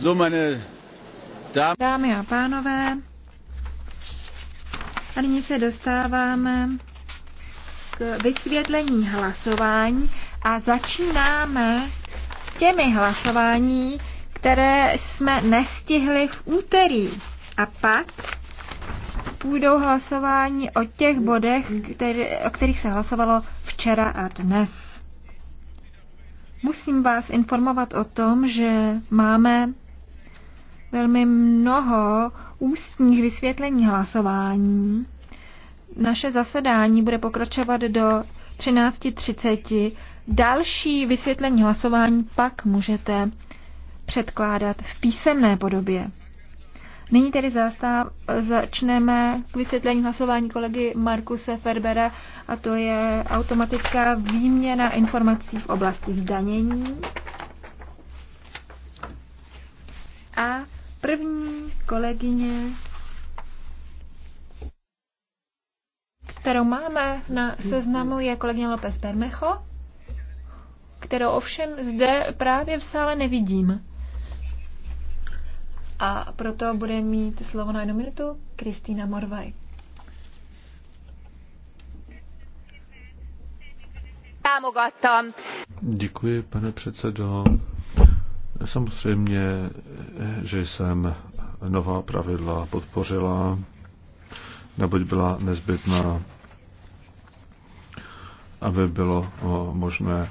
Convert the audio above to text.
So, meine Dámy a pánové, a nyní se dostáváme k vysvětlení hlasování a začínáme těmi hlasování, které jsme nestihli v úterý. A pak půjdou hlasování o těch bodech, který, o kterých se hlasovalo včera a dnes. Musím vás informovat o tom, že máme velmi mnoho ústních vysvětlení hlasování. Naše zasedání bude pokračovat do 13.30. Další vysvětlení hlasování pak můžete předkládat v písemné podobě. Nyní tedy zastav, začneme k vysvětlení hlasování kolegy Markuse Ferbera a to je automatická výměna informací v oblasti zdanění. A První kolegyně, kterou máme na seznamu, je kolegyně López Bermecho, kterou ovšem zde právě v sále nevidím. A proto bude mít slovo na jednu minutu Kristýna Morvaj. Děkuji, pane předsedo. Samozřejmě, že jsem nová pravidla podpořila, neboť byla nezbytná, aby bylo možné